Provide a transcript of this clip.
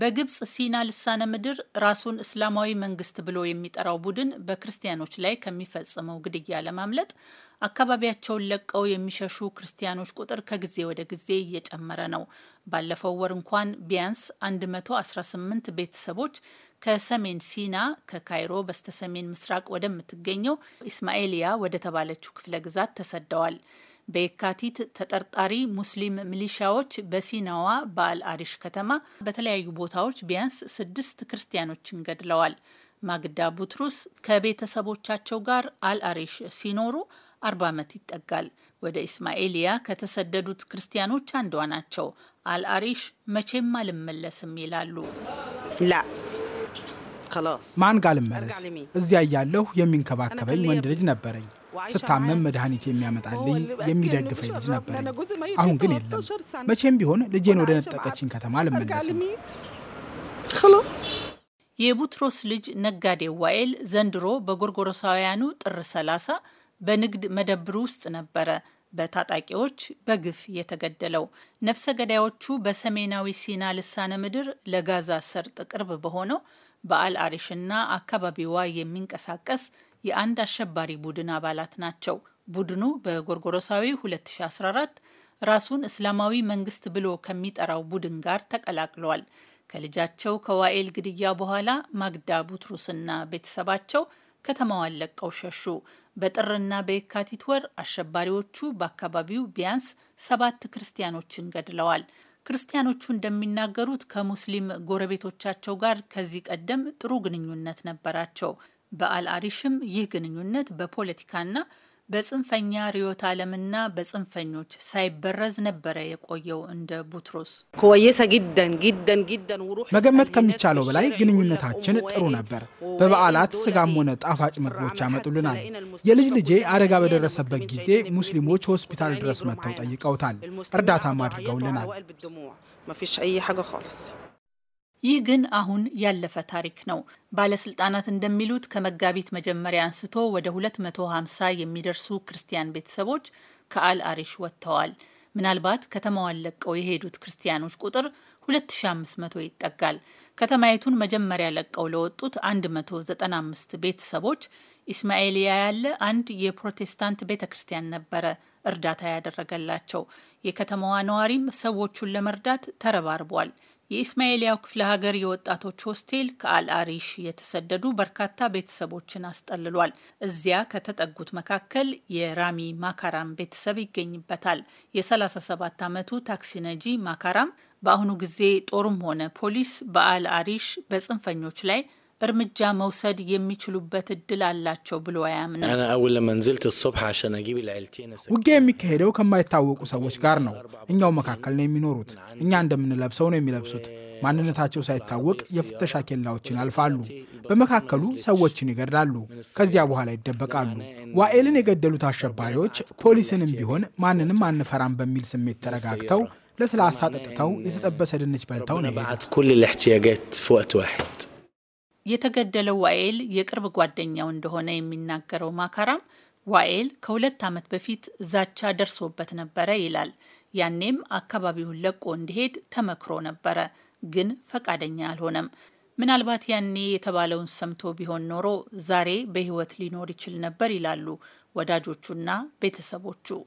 በግብጽ ሲና ልሳነ ምድር ራሱን እስላማዊ መንግስት ብሎ የሚጠራው ቡድን በክርስቲያኖች ላይ ከሚፈጽመው ግድያ ለማምለጥ አካባቢያቸውን ለቀው የሚሸሹ ክርስቲያኖች ቁጥር ከጊዜ ወደ ጊዜ እየጨመረ ነው። ባለፈው ወር እንኳን ቢያንስ 118 ቤተሰቦች ከሰሜን ሲና ከካይሮ በስተሰሜን ምስራቅ ወደምትገኘው ኢስማኤልያ ወደ ተባለችው ክፍለ ግዛት ተሰደዋል። በየካቲት ተጠርጣሪ ሙስሊም ሚሊሻዎች በሲናዋ በአል አሪሽ ከተማ በተለያዩ ቦታዎች ቢያንስ ስድስት ክርስቲያኖችን ገድለዋል። ማግዳ ቡትሩስ ከቤተሰቦቻቸው ጋር አልአሪሽ ሲኖሩ አርባ ዓመት ይጠጋል። ወደ ኢስማኤልያ ከተሰደዱት ክርስቲያኖች አንዷ ናቸው። አልአሪሽ መቼም አልመለስም ይላሉ። ማን ጋር ልመለስ? እዚያ እያለሁ የሚንከባከበኝ ወንድ ልጅ ነበረኝ። ስታመም መድኃኒት የሚያመጣልኝ የሚደግፈኝ ልጅ ነበረኝ። አሁን ግን የለም። መቼም ቢሆን ልጄን ወደ ነጠቀችኝ ከተማ አልመለስም። የቡትሮስ ልጅ ነጋዴ ዋኤል ዘንድሮ በጎርጎሮሳውያኑ ጥር 30 በንግድ መደብር ውስጥ ነበረ በታጣቂዎች በግፍ የተገደለው። ነፍሰ ገዳዮቹ በሰሜናዊ ሲና ልሳነ ምድር ለጋዛ ሰርጥ ቅርብ በሆነው በአል አሪሽና አካባቢዋ የሚንቀሳቀስ የአንድ አሸባሪ ቡድን አባላት ናቸው። ቡድኑ በጎርጎሮሳዊ 2014 ራሱን እስላማዊ መንግስት ብሎ ከሚጠራው ቡድን ጋር ተቀላቅለዋል። ከልጃቸው ከዋኤል ግድያ በኋላ ማግዳ ቡትሩስና ቤተሰባቸው ከተማዋን ለቀው ሸሹ። በጥርና በየካቲት ወር አሸባሪዎቹ በአካባቢው ቢያንስ ሰባት ክርስቲያኖችን ገድለዋል። ክርስቲያኖቹ እንደሚናገሩት ከሙስሊም ጎረቤቶቻቸው ጋር ከዚህ ቀደም ጥሩ ግንኙነት ነበራቸው። በአልአሪሽም ይህ ግንኙነት በፖለቲካና በጽንፈኛ ርዕዮተ ዓለምና በጽንፈኞች ሳይበረዝ ነበረ የቆየው። እንደ ቡትሮስ መገመት ከሚቻለው በላይ ግንኙነታችን ጥሩ ነበር። በበዓላት ስጋም ሆነ ጣፋጭ ምግቦች ያመጡልናል። የልጅ ልጄ አደጋ በደረሰበት ጊዜ ሙስሊሞች ሆስፒታል ድረስ መጥተው ጠይቀውታል። እርዳታም አድርገውልናል። ይህ ግን አሁን ያለፈ ታሪክ ነው። ባለስልጣናት እንደሚሉት ከመጋቢት መጀመሪያ አንስቶ ወደ 250 የሚደርሱ ክርስቲያን ቤተሰቦች ከአል አሪሽ ወጥተዋል። ምናልባት ከተማዋን ለቀው የሄዱት ክርስቲያኖች ቁጥር 2500 ይጠጋል። ከተማይቱን መጀመሪያ ለቀው ለወጡት 195 ቤተሰቦች ኢስማኤልያ ያለ አንድ የፕሮቴስታንት ቤተ ክርስቲያን ነበረ እርዳታ ያደረገላቸው። የከተማዋ ነዋሪም ሰዎቹን ለመርዳት ተረባርቧል። የኢስማኤልያው ክፍለ ሀገር የወጣቶች ሆስቴል ከአልአሪሽ የተሰደዱ በርካታ ቤተሰቦችን አስጠልሏል። እዚያ ከተጠጉት መካከል የራሚ ማካራም ቤተሰብ ይገኝበታል። የ37 ዓመቱ ታክሲ ነጂ ማካራም በአሁኑ ጊዜ ጦርም ሆነ ፖሊስ በአልአሪሽ በጽንፈኞች ላይ እርምጃ መውሰድ የሚችሉበት እድል አላቸው ብሎ አያምንም። ውጊያ የሚካሄደው ከማይታወቁ ሰዎች ጋር ነው። እኛው መካከል ነው የሚኖሩት። እኛ እንደምንለብሰው ነው የሚለብሱት። ማንነታቸው ሳይታወቅ የፍተሻ ኬላዎችን አልፋሉ። በመካከሉ ሰዎችን ይገድላሉ። ከዚያ በኋላ ይደበቃሉ። ዋኤልን የገደሉት አሸባሪዎች ፖሊስንም ቢሆን ማንንም አንፈራም በሚል ስሜት ተረጋግተው ለስላሳ ጠጥተው የተጠበሰ ድንች በልተው ነው የተገደለው ዋኤል የቅርብ ጓደኛው እንደሆነ የሚናገረው ማካራም ዋኤል ከሁለት ዓመት በፊት ዛቻ ደርሶበት ነበረ ይላል። ያኔም አካባቢውን ለቆ እንዲሄድ ተመክሮ ነበረ፣ ግን ፈቃደኛ አልሆነም። ምናልባት ያኔ የተባለውን ሰምቶ ቢሆን ኖሮ ዛሬ በሕይወት ሊኖር ይችል ነበር ይላሉ ወዳጆቹና ቤተሰቦቹ።